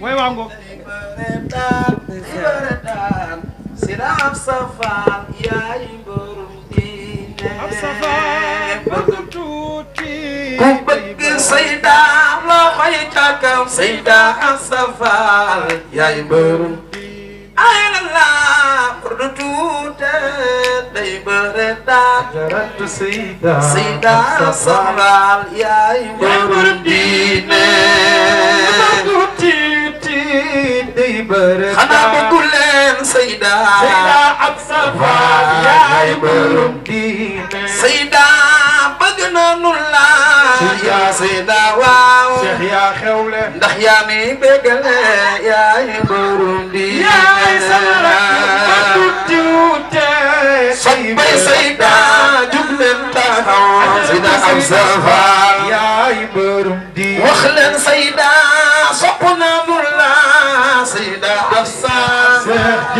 way waango sila ab safaan yaay mbërum diine ab safaan bëgg tuuti ku bëgg sayda loxoy càkkam day bëre daa jaratu sayda sayda ab safaan yaay sayda sayda ak safa yaay borom diine sayda bëgg na nu yaa sayda waaw cheikh yaa xewle ndax yaa mi bégale yaay borom diine yaay sala tuute soppay sayda jug leen taxaw sayda ak safa yaay borom diine wax leen sayda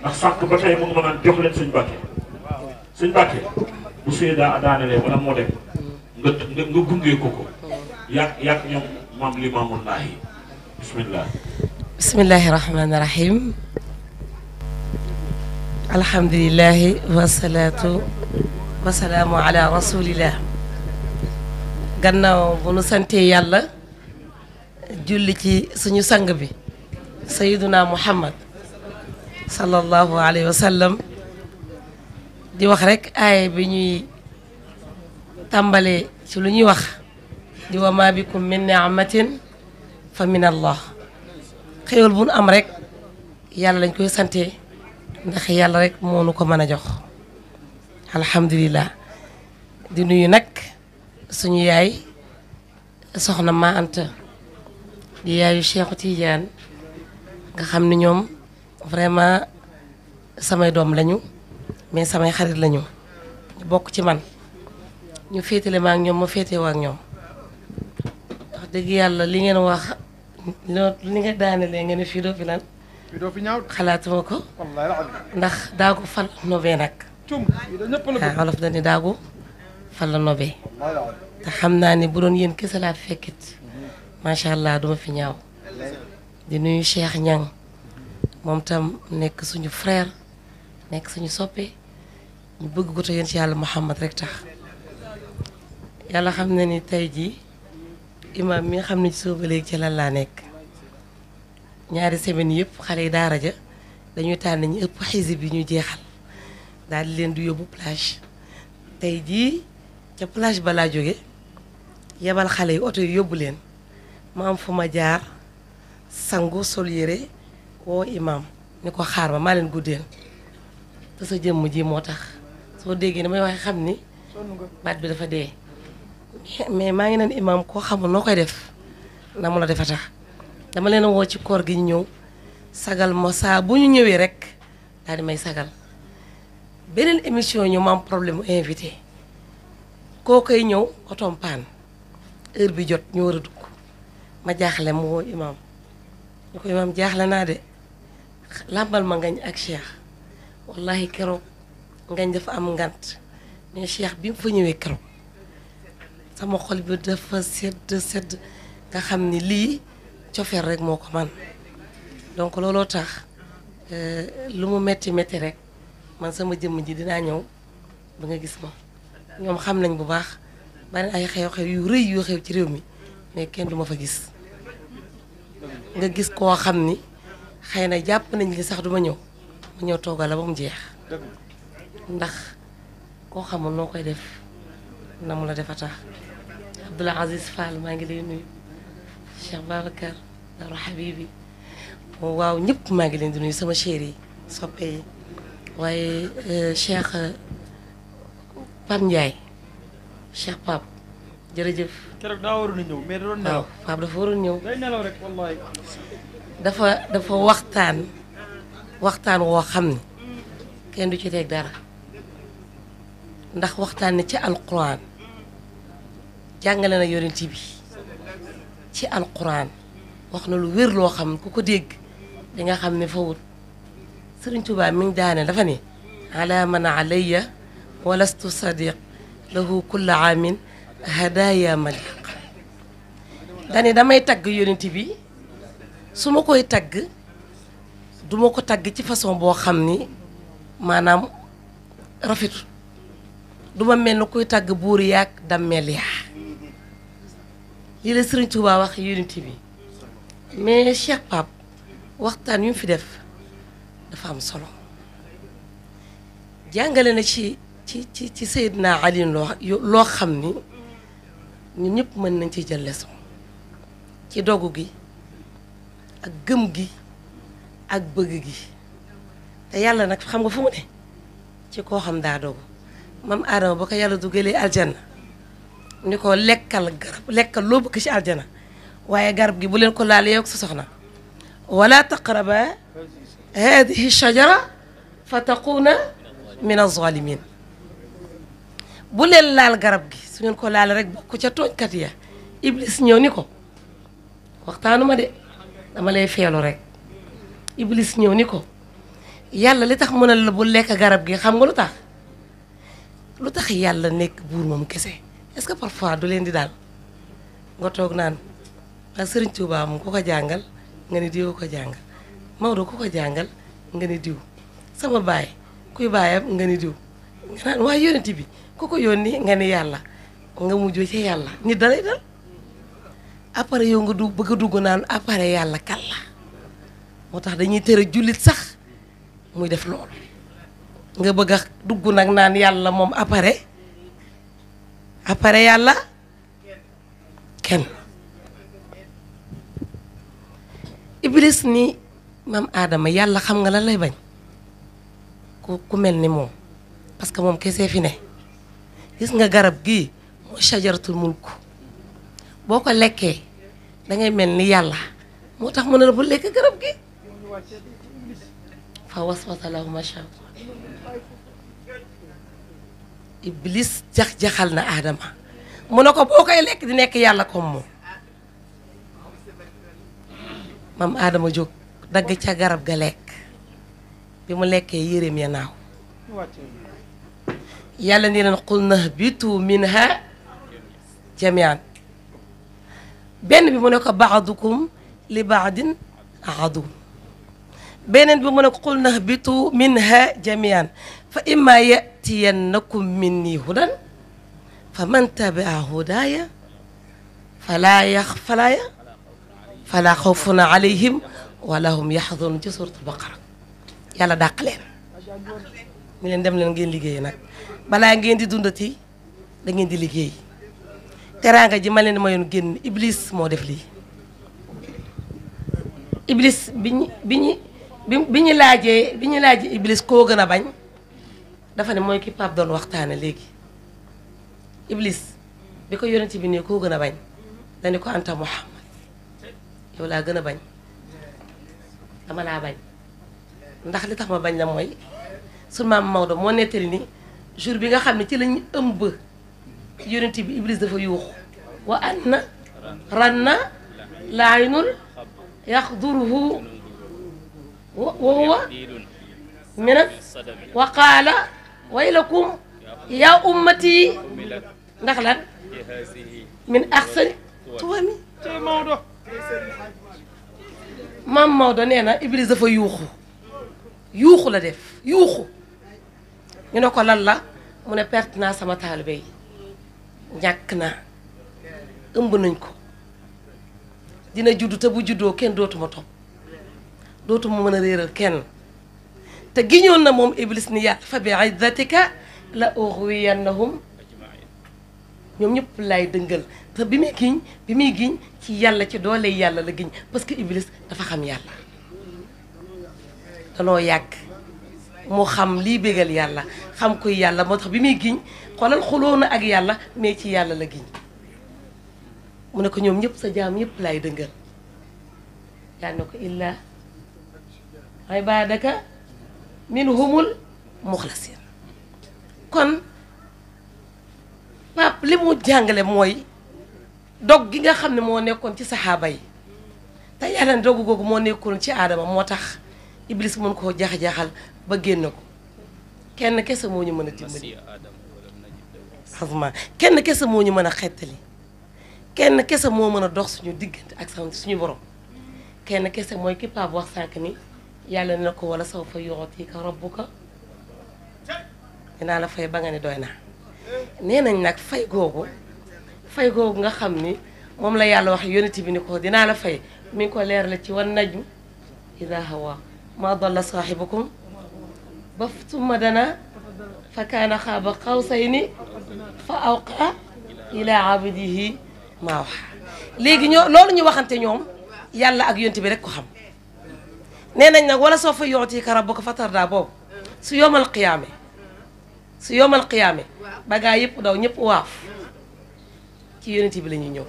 ndax sànq ba tey mënu ma naan jox leen sëñ Mbàkke sëñ Mbàkke bu suyee daa daanelee wala moo dem nga nga nga gungee ko ko yàgg yàgg ñoom maam li maamul naa yi bismillah bismillahi rahmaani rahim alhamdulilahi wasalaatu wasalaamu ala rasulillah gannaaw bu nu santee yàlla julli ci suñu sang bi sayiduna muhammad صلى الله عليه وسلم دي واخ رك اي بي ني تامبالي سي لو ني واخ دي وما بكم من نعمه فمن الله خيول بون ام رك يالا نكوي سانتي ناخ يالا رك مونوكو مانا جوخ الحمد لله دي نيو نك سونو ياي سخنا ما انت دي ياي شيخ تيجان nga xamni ñom vraiment samay doom lañu mais samay xarit lañu ñu bokk ci man ñu féetale ma ak ñoom ma féetewoo ñoom wax dëgg yàlla li ngeen wax li nga daanelee nga ne fii doo lan xalaatuma ko ndax daagu fal nobee nag waaw ah, wolof dani daagu fal nobee te xam naa ni bu doon yéen kese laa fekkit mhm. macha allah duma fi ñaaw di nuyu Cheikh Niang moom tam nekk suñu frère nekk suñu soppe ñu bëgg ko te yéen ci yàlla Muhammad rekk tax yàlla xam na ni tey jii imaam mi nga xam ne ci suba léegi ci lan laa nekk ñaari semaine yëpp xale yi daara ja dañuy tànn ñu ëpp xisib bi ñu jeexal daal di leen du yóbbu plage tey jii ca plage balaa jóge yebal xale yi oto yi yóbbu leen ma am fu ma jaar sangu sol yére woo imaam ni ko xaar ma maa leen guddeel te sa jëmm ji moo tax soo déggee ni may waxee xam ni baat bi dafa dee mais maa ngi naan imaam koo xamul noo koy def na mu la defa tax dama leen woo ci koor gi ñëw sagal ma saa bu ñu ñëwee rek daal di may sagal beneen émission ñu ma problème mu invité koo koy ñëw otoom paan heure bi jot ñu war a dugg ma jaaxle mu woo ñu ko imaam jaaxle naa de làmbal ma ngañ ak Cheikh wallahi keroog ngañ dafa am ngant mais Cheikh bi fa ñëwee keroog sama xol bi dafa sedd sedd nga xam ni lii cofeer rek moo ko man donc looloo tax euh, lu mu metti metti rek man sama jëmm ji dinaa ñëw ba nga gis ma ñoom xam nañ bu baax bari ay xew-xew yu rëy yu xew ci réew mi mais kenn duma fa gis nga gis koo xam ni xëy na jàpp nañ li sax duma ñëw ma ñëw toogal la ba mu jeex ndax koo xamul noo koy def na mu la defa tax Abdoul Aziz Fall maa ngi lay nuyu Cheikh Babacar Daro Habibi waaw ñëpp maa ngi leen di nuyu sama chéri yi soppe yi waaye euh, Cheikh euh, Pape Ndiaye Cheikh Pape jërëjëf keroog daa waroon a ñëw mais da doon nelaw Pape dafa waroon ñëw. day nelaw rek wallaay. dafa dafa waxtaan waxtaan woo xam ne kenn du ci teg dara ndax waxtaan ne ci alquran jàngale na yonent bi ci alquran wax na lu wér loo xam ku ko dégg di nga xam ne fawut Sëriñ Tuubaa mi ngi daane dafa ne ala man alayya walastu sadiq lahu kulla aamin hadaaya maliq dane damay tagg yonent bi su ma koy tagg duma ko tagg ci façon boo xam ni maanaam rafet duma mel ni koy tagg buur yaag dammeel yaa lii la Sëriñ Tuubaa wax yonent bi mais Cheikh Pape waxtaan yu fi def dafa am solo jàngale na ci ci ci ci Seydina Ali loo xam ni ñun ñëpp mën nañ ci jël leçon ci dogu gi ak gëm gi ak bëgg gi te yàlla nag xam nga fu mu ne ci koo xam daa dogu mam aadama ba ko yàlla dugalee aljana ni ko lekkal garab lekkal loo bëgg ci aljana waaye garab gi bu leen ko laal yow ak sa soxna wala taqraba hadihi shajara fa taquuna min azalimin bu leen laal garab gi suñu ko laal rek bokku ca kat ya iblis ñew ni ko waxtaanuma de dama lay feelu rek iblis ñew ni ko yàlla li tax mënal la bu lek garab gi xam nga lu tax lu tax yàlla nekk buur kese est-ce parfois du len di dal nga tok naan ba serigne touba mu ko ko jangal nga ni diw ko jangal ko ko jangal nga ni diw sama baye kuy baayam nga ni diw nga naan waa bi ku ko nga nga mujj ci yàlla nit dalay dal après yow nga du bëgg a dugg naan après yàlla kàlla moo tax dañuy tere jullit sax muy def loolu nga bëgg a dugg nag naan yàlla moom après après yàlla kenn iblis ni maam aadama yàlla xam nga la lay bañ ku ku mel ni moom parce que moom kese fi ne gis nga garab gii mooy mulk boo ko lekkee dangay mel ni yàlla moo tax mu ne la bu lekk garab gi fa waswasa lahuma shaytaan iblis jax-jaxal na aadama mu ne ko boo koy lekk di nekk yàlla comme moom mam aadama jóg dagg ca garab ga lekk bi mu lekkee yéreem ya naaw yàlla ni leen qul nahbitu minha جميعا benn bi mu ne ko baadukum li baadin adu beneen bi mu ne ko qul nahbitu minha jamian fa imma yatiyannakum minni hudan fa man tabia hudaya fala yax falaya fala xawfun alayhim wala hum yaxzanun ci suratul baqara yàlla dàq leen mu leen dem leen ngeen liggéey nag balaa ngeen di dundati da ngeen di liggéey teraanga ji ma leen mayoon génn iblis moo def lii iblis bi ñu bi ñu laajee bi ñu laajee iblis koo gën a bañ dafa ne mooy ki Pape doon waxtaane léegi iblis bi ko yonent bi ne koo gën a bañ dañu ko anta Muhammad yow laa gën a bañ dama laa bañ ndax li tax ma bañ la mooy sunu maam Maodo moo nettali ni jour bi nga xam ne ci lañu ëmb يونتي ابليس دافا يوخ وان رنا لعين يخضره وهو من وقال ويلكم يا امتي دخلا من احسن توامي تي مودو مام مودو نينا ابليس دافا يوخو يوخو لا ديف يوخو ني نكو لا لا مو ني بيرتنا سما طالبي ñàkk na ëmb nañ ko dina juddu te bu juddoo kenn dootuma topp dootuma mën a réeral kenn te giñoon na moom iblis ni yàlla fa bi izzatika la ughwiyannahum ñoom ñëpp lay dëngal te bi muy giñ bi muy giñ ci yàlla ci doole yàlla la giñ parce que iblis dafa xam yàlla danoo yàgg mu xam lii bégal yàlla xam koy yàlla moo tax bi muy giñ xoolal xuloo na ak yàlla mais ci yàlla la giñ mu ne ko ñoom ñëpp sa jaam ñëpp laay dëngal yàlla ne ko illaa ibaadaka minhumul muxlasin kon pap li mu jàngale mooy dog gi nga xam ne moo nekkoon ci saxaaba yi te yàlla ne dogu googu moo nekkoon ci aadama moo tax iblis mën koo jax ba génn ko kenn kese moo ñu mën a dimbali xasma kenn kese moo ñu mën a xettali kenn kese moo mën a dox suñu diggante ak sa suñu borom kenn kese mooy ki Pape wax sànq ni yàlla ne ko wala saw fa yu'tika rabbuka dinaa la fay ba nga ne doy naa nee nañ nag fay googu fay googu nga xam ni moom la yàlla wax yonent bi ni ko dinaa la fay mi ko leer la ci wan najmu idaa hawaa maa dalla saahibukum ba summa danaa fa kaana xaaba xawsayni fa awqa ilaa abdihi maa wax léegi loolu ñu waxante ñoom yàlla ak yonent bi rek ko xam nee nañ nag wala soo fa yu'tika rabbuka fatardaa boobu su yoomal qiyaame su yoomal qiyaame bagaa yëpp daw ñëpp waaf ci yonent bi la ñuy ñëw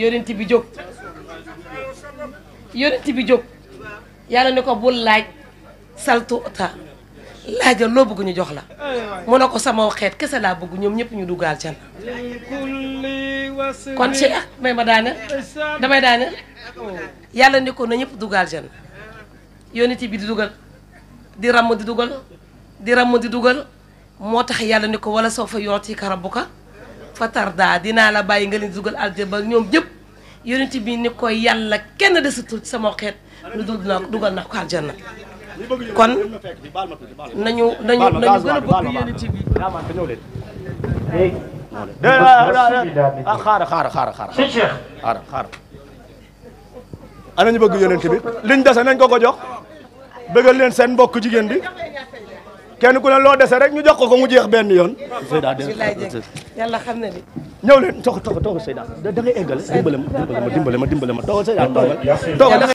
yonent bi jóg yonent bi jóg yàlla ni ko bul laaj saltuta laajal loo bëgg ñu jox la mu ne ko sama xeet kese laa bëgg ñoom ñëpp ñu dugaal can kon Cheikh may ma daane damay daane yàlla ni ko na ñëpp dugaal can yonent bi di dugal di ramm di dugal di ramm dugal moo tax yàlla ni ko wala soo fa yooti ka rabbuka fa tarda dinaa la bàyyi nga leen di dugal aljaba ñoom ñëpp yonent bi ni ko yàlla kenn desatul sama xeet lu dul dinaa ko dugal naa ko aljanna kon nañu nañu nañu gën a bëgg yéen ci bi de la ah, xaara xaara xaara xaara xaara xaara ana ñu bëgg yonent bi liñ dese nañ ko ko jox bëggal leen seen mbokk jigéen bi kenn ku ne loo dese rek ñu jox ko ko mu jeex benn yoon Seyda yàlla xam na ni ñëw leen toog toog toog Seyda da ngay eggal dimbale ma dimbale ma dimbale ma dimbale ma